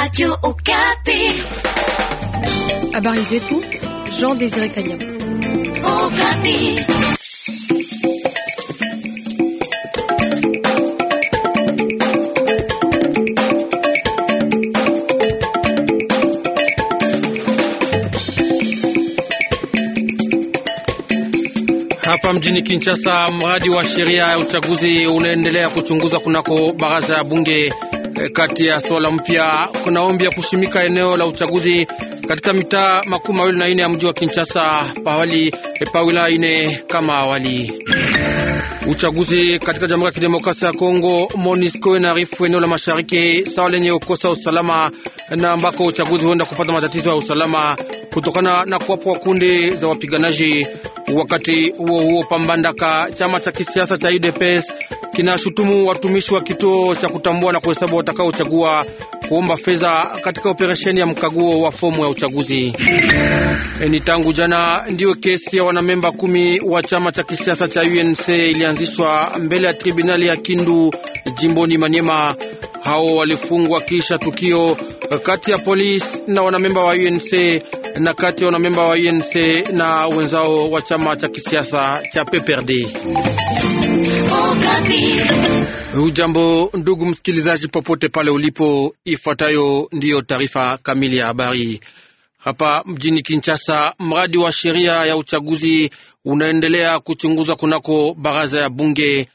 Radio Okapi. Habari zetu Jean Désiré Kanyama. Okapi. Hapa mjini Kinshasa, mradi wa sheria ya uchaguzi unaendelea kuchunguza kunako baraza ya bunge. Eh, kati ya swala mpya kuna ombi ya kushimika eneo la uchaguzi katika mitaa makumi mawili na ine ya mji wa Kinshasa pahali eh, pa wilaya ine kama awali. Uchaguzi katika Jamhuri ya Kidemokrasia ya Kongo, MONUSCO inaarifu eneo la mashariki sawa lenye kukosa usalama na ambako uchaguzi huenda kupata matatizo ya usalama kutokana na kuwapo kwa kundi za wapiganaji. Wakati huo huo, pambandaka chama cha kisiasa cha UDPS kinashutumu watumishi wa kituo cha kutambua na kuhesabu watakaochagua kuomba fedha katika operesheni ya mkaguo wa fomu ya uchaguzi. E, ni tangu jana ndiyo kesi ya wanamemba kumi wa chama cha kisiasa cha UNC ilianzishwa mbele ya tribunali ya Kindu jimboni manyema Hao walifungwa kisha tukio kati ya polisi na wanamemba wa UNC na kati ya wanamemba wa UNC na wenzao wa chama cha kisiasa cha PPRD. Ujambo ndugu msikilizaji, popote pale ulipo, ifuatayo ndiyo taarifa kamili ya habari. Hapa mjini Kinshasa, mradi wa sheria ya uchaguzi unaendelea kuchunguzwa kunako baraza ya bunge.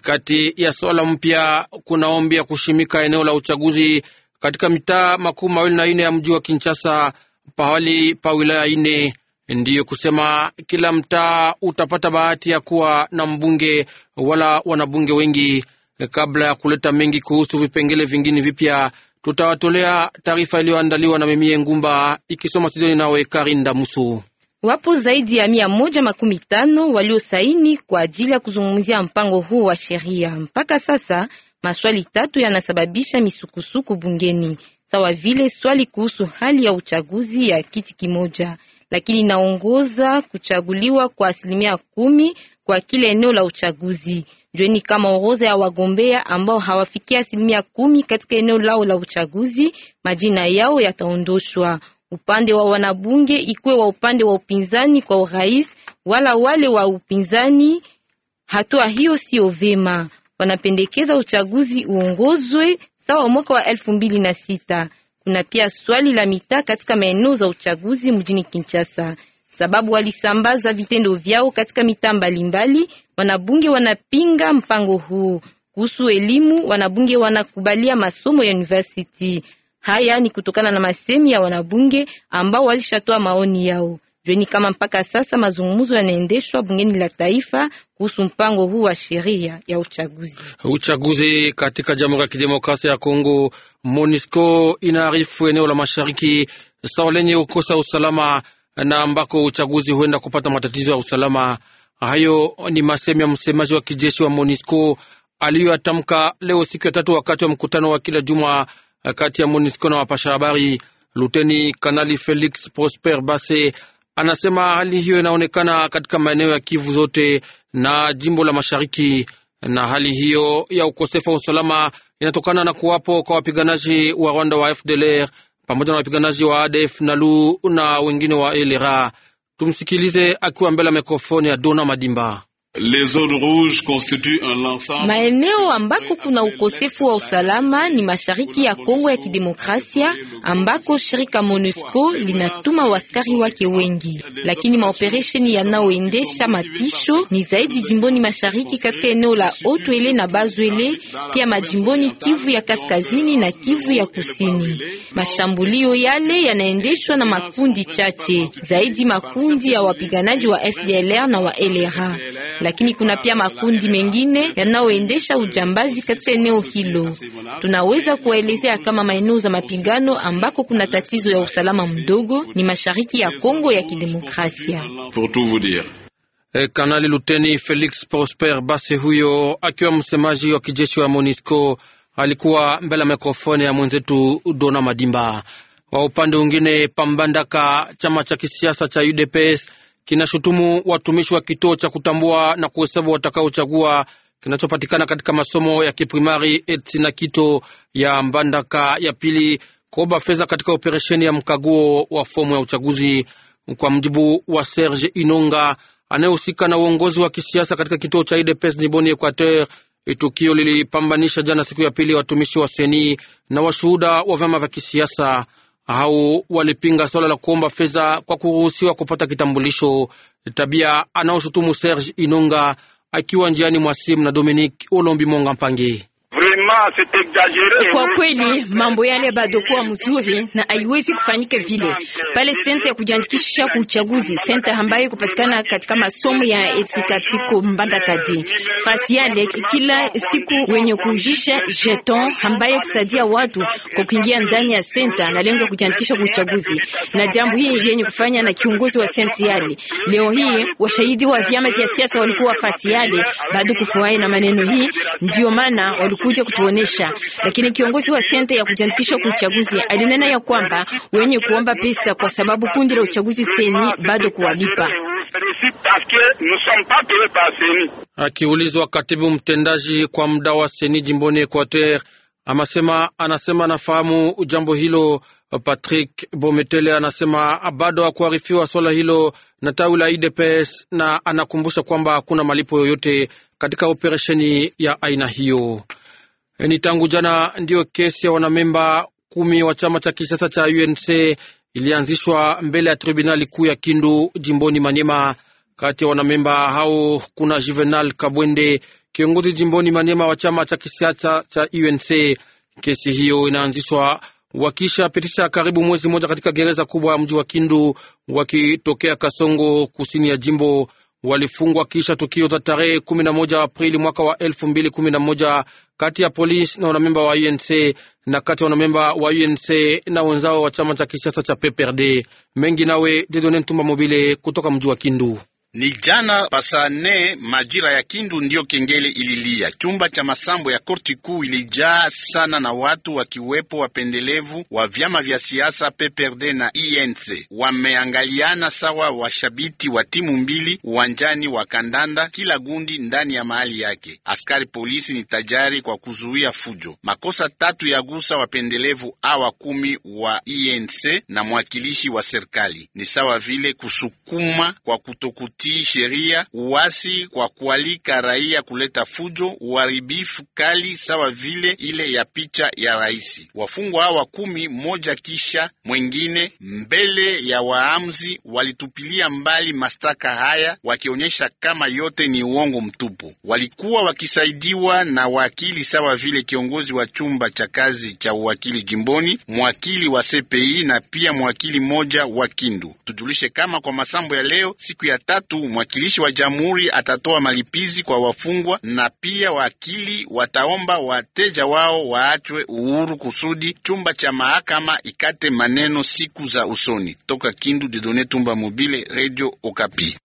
Kati ya swala mpya kuna ombi ya kushimika eneo la uchaguzi katika mitaa makuu mawili na ine ya mji wa Kinshasa pahali pa wilaya ine, ndiyo kusema kila mtaa utapata bahati ya kuwa na mbunge wala wanabunge wengi. Kabla ya kuleta mengi kuhusu vipengele vingine vipya, tutawatolea taarifa iliyoandaliwa na Mimie Ngumba ikisoma studioni nawe Karinda Musu. Wapo zaidi ya mia moja makumi tano waliosaini kwa ajili ya kuzungumzia mpango huu wa sheria. Mpaka sasa maswali tatu yanasababisha misukusuku bungeni sawa vile swali kuhusu hali ya uchaguzi ya kiti kimoja, lakini inaongoza kuchaguliwa kwa asilimia kumi kwa kila eneo la uchaguzi. Jueni kama orodha ya wagombea ambao hawafikia asilimia kumi katika eneo lao la uchaguzi, majina yao yataondoshwa. Upande wa wanabunge ikuwe wa upande wa upinzani kwa urais wala wale wa upinzani, hatua hiyo sio vema. Wanapendekeza uchaguzi uongozwe sawa mwaka wa elfu mbili na sita. Kuna pia swali la mitaa katika maeneo za uchaguzi mjini Kinshasa, sababu walisambaza vitendo vyao katika mitaa mbalimbali. Wanabunge wanapinga mpango huu. Kuhusu elimu, wanabunge wanakubalia masomo ya university. Haya ni kutokana na masemi ya wanabunge ambao walishatoa maoni yao. Jueni kama mpaka sasa mazungumzo yanaendeshwa bungeni la taifa kuhusu mpango huu wa sheria ya uchaguzi. Uchaguzi katika Jamhuri ya Kidemokrasia ya Kongo, MONUSCO inaarifu eneo la mashariki sawa lenye ukosa usalama na ambako uchaguzi huenda kupata matatizo ya usalama. Hayo ni masemi ya msemaji wa kijeshi wa MONUSCO aliyoyatamka leo siku ya tatu wakati wa mkutano wa kila juma kati ya MONUSCO na wapasha habari. Luteni Kanali Felix Prosper Base Anasema hali hiyo inaonekana katika maeneo ya Kivu zote na jimbo la Mashariki, na hali hiyo ya ukosefu wa usalama inatokana na kuwapo kwa wapiganaji wa Rwanda wa FDLR pamoja na wapiganaji wa ADF NALU na wengine wa ELRA. Tumsikilize akiwa mbele ya mikrofoni ya Dona Madimba. Maeneo ambako kuna ukosefu wa usalama ni mashariki ya Kongo ya Kidemokrasia, ambako shirika MONUSCO linatuma waskari wake wengi, lakini maoperesheni yanayoendesha matisho ni zaidi jimboni mashariki katika eneo la Otwele na Bazwele, pia majimboni Kivu ya kaskazini na Kivu ya kusini. Mashambulio yale yanaendeshwa na makundi chache zaidi, makundi ya wapiganaji wa FDLR na wa LRA lakini kuna pia makundi mengine yanayoendesha ujambazi katika eneo hilo. Tunaweza kuwaelezea kama maeneo za mapigano ambako kuna tatizo ya usalama mdogo ni mashariki ya Kongo ya Kidemokrasia. E, Kanali Luteni Felix Prosper Base, huyo akiwa msemaji wa kijeshi wa Monisco, alikuwa mbele ya mikrofoni ya mwenzetu Dona Madimba. Kwa upande mwingine, Pambandaka, chama cha kisiasa cha UDPS kinashutumu watumishi wa kituo cha kutambua na kuhesabu watakaochagua kinachopatikana katika masomo ya kiprimari eti na kito ya Mbandaka ya pili kuomba fedha katika operesheni ya mkaguo wa fomu ya uchaguzi. Kwa mjibu wa Serge Inonga anayehusika na uongozi wa kisiasa katika kituo cha IDPS niboni Equateur, tukio lilipambanisha jana siku ya pili watumishi wa seni na washuhuda wa vyama vya kisiasa au walipinga swala la kuomba fedha kwa kuruhusiwa kupata kitambulisho, tabia anaoshutumu Serge Inonga akiwa njiani mwa simu na Dominique Olombi Monga Mpangi. Kwa kweli mambo yale bado kwa mzuri na haiwezi kufanyika vile pale senta ya kujiandikisha kwa uchaguzi, senta ambayo kupatikana katika masomo ya etikatiko mbanda kadi fasi yale, kila siku wenye kujisha jeton ambayo kusaidia watu kwa kuingia ndani ya senta na lengo ya kujiandikisha kwa uchaguzi, na jambo hii yenye kufanya na kiongozi wa senta yale. Leo hii washahidi wa vyama vya siasa walikuwa fasi yale bado kufurahi na maneno hii, ndio maana walikuja ya kutuonesha, lakini kiongozi wa senta ya kujiandikisha kwa uchaguzi alinena ya kwamba wenye kuomba pesa kwa sababu kundi la uchaguzi seni bado kuwalipa. Akiulizwa katibu mtendaji kwa muda wa seni jimboni Equateur amasema anasema anafahamu jambo hilo. Patrick Bometele anasema bado hakuarifiwa swala hilo na tawi la IDPS na anakumbusha kwamba hakuna malipo yoyote katika operesheni ya aina hiyo. E, ni tangu jana ndiyo kesi ya wanamemba kumi wa chama cha kisiasa cha UNC ilianzishwa mbele ya tribunali kuu ya Kindu jimboni Manyema. Kati ya wanamemba hao kuna Juvenal Kabwende, kiongozi jimboni Manyema wa chama cha kisiasa cha UNC. Kesi hiyo inaanzishwa wakisha pitisha karibu mwezi mmoja katika gereza kubwa ya mji wa Kindu wakitokea Kasongo, kusini ya jimbo walifungwa kisha tukio za tarehe 11 Aprili mwaka wa 2011 kati ya polisi na wanamemba wa UNC na kati ya wanamemba wa UNC na wenzao wa chama cha kisiasa cha PPRD. Mengi nawe Dedone Ntumba Mobile kutoka mji wa Kindu. Ni jana pasane majira ya Kindu ndiyo kengele ililia. Chumba cha masambo ya korti kuu ilijaa sana na watu wakiwepo wapendelevu wa vyama vya siasa PPRD na INC. Wameangaliana sawa washabiti wa timu mbili uwanjani wa kandanda, kila gundi ndani ya mahali yake. Askari polisi ni tajari kwa kuzuia fujo. Makosa tatu ya gusa wapendelevu awa kumi wa INC na mwakilishi wa serikali ni sawa vile kusukuma kwa kutokuti kutii sheria, uasi kwa kualika raia kuleta fujo, uharibifu kali sawa vile ile ya picha ya rais. Wafungwa hawa kumi, moja kisha mwengine, mbele ya waamuzi walitupilia mbali mashtaka haya, wakionyesha kama yote ni uongo mtupu. Walikuwa wakisaidiwa na wakili sawa vile kiongozi wa chumba cha kazi cha uwakili jimboni, mwakili wa CPI na pia mwakili mmoja wa Kindu. Tujulishe kama kwa masambo ya leo siku ya tatu tatu mwakilishi wa jamhuri atatoa malipizi kwa wafungwa, na pia wakili wataomba wateja wao waachwe uhuru kusudi chumba cha mahakama ikate maneno siku za usoni. Toka Kindu, Didone Tumba Mobile, Radio Okapi.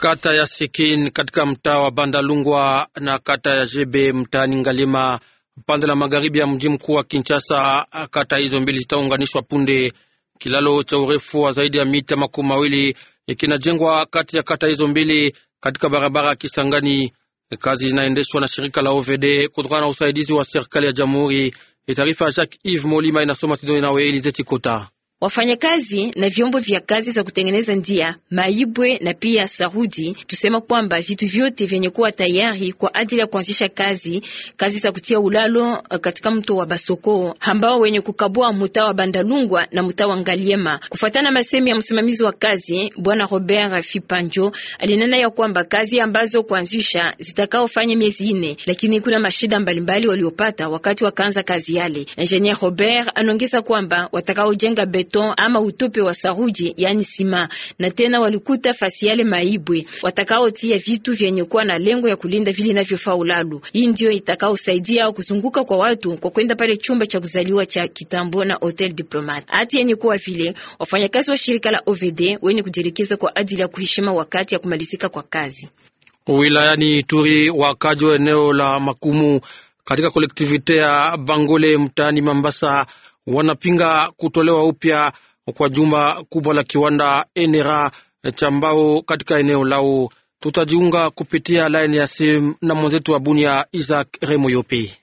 Kata ya Sikin katika mtaa wa Bandalungwa na kata ya Jebe mtaani Ngalima pande la magharibi ya mji mkuu wa Kinshasa. Kata hizo mbili zitaunganishwa punde. Kilalo cha urefu wa zaidi ya mita makumi mawili kinajengwa kati ya kata hizo mbili katika barabara ya Kisangani. Kazi zinaendeshwa na shirika la OVD kutokana na usaidizi wa serikali ya jamhuri. Taarifa ya Jacques Yves Molima inasoma Sidoni nawe Elize Chikota. Wafanyakazi na vyombo vya kazi za kutengeneza njia maibwe na pia sarudi, tusema kwamba vitu vyote vyenye kuwa tayari kwa ajili ya kuanzisha kazi kazi za kutia ulalo eh, katika mto wa Basoko ambao wenye kukabua mtaa wa Bandalungwa na mtaa wa Ngaliema. Kufuatana masemi ya msimamizi wa kazi Bwana Robert Fipanjo, alinena ya kwamba kazi ambazo kuanzisha zitakaofanya miezi ine, lakini kuna mashida mbalimbali waliopata wakati wakaanza kazi yale. Engineer Robert anaongeza kwamba watakaojenga beton ama utope wa saruji, yani sima, na tena walikuta fasi yale maibwe watakaotia vitu vyenye kuwa na lengo ya kulinda vile inavyofaa ulalu. Hii ndio itakaosaidia kuzunguka kwa watu kwa kwenda pale chumba cha kuzaliwa cha kitambo na Hotel Diplomat. Hati yenye kuwa vile wafanyakazi wa shirika la OVD wenye kujielekeza kwa ajili ya kuheshima wakati ya kumalizika kwa kazi. Wilayani Ituri, wakaji wa eneo la Makumu katika kolektivite ya Bangole mtaani Mambasa wanapinga kutolewa upya kwa jumba kubwa la kiwanda Enera cha mbao katika eneo lao. Tutajiunga kupitia laini ya simu na mwenzetu wa Bunia Isaac Remoyope.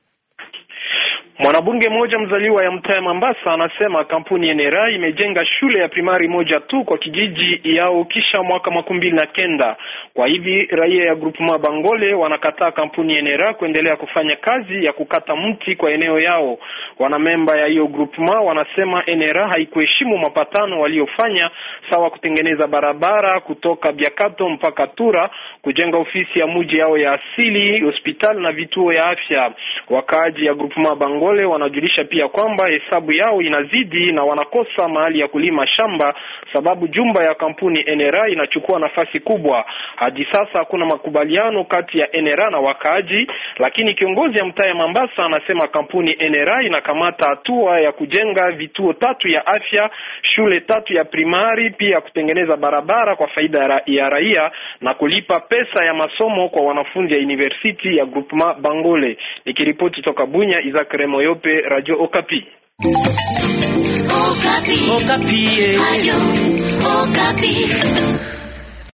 Mwanabunge mmoja mzaliwa ya mtaa ya anasema kampuni ya NRA imejenga shule ya primari moja tu kwa kijiji yao kisha mwaka makumi mbili na kenda. Kwa hivi raia ya grupu Mabangole wanakataa kampuni ya NRA kuendelea kufanya kazi ya kukata mti kwa eneo yao. Wanamemba ya hiyo grupu ma wanasema NRA haikuheshimu mapatano waliofanya, sawa kutengeneza barabara kutoka Biakato mpaka Tura, kujenga ofisi ya muji yao ya asili, hospitali na vituo ya afya. Wakaaji ya grupu Mabangole Kongole wanajulisha pia kwamba hesabu yao inazidi na wanakosa mahali ya kulima shamba, sababu jumba ya kampuni NRA inachukua nafasi kubwa. Hadi sasa hakuna makubaliano kati ya NRA na wakaaji, lakini kiongozi ya mtaa ya Mambasa anasema kampuni NRA inakamata hatua ya kujenga vituo tatu ya afya, shule tatu ya primari, pia kutengeneza barabara kwa faida ya raia na kulipa pesa ya masomo kwa wanafunzi ya university ya Groupement Bangole. Nikiripoti toka Bunya, Isaac Rema. Moyope, Radio Okapi. Okapi. Okapi. Eh. Radio Okapi.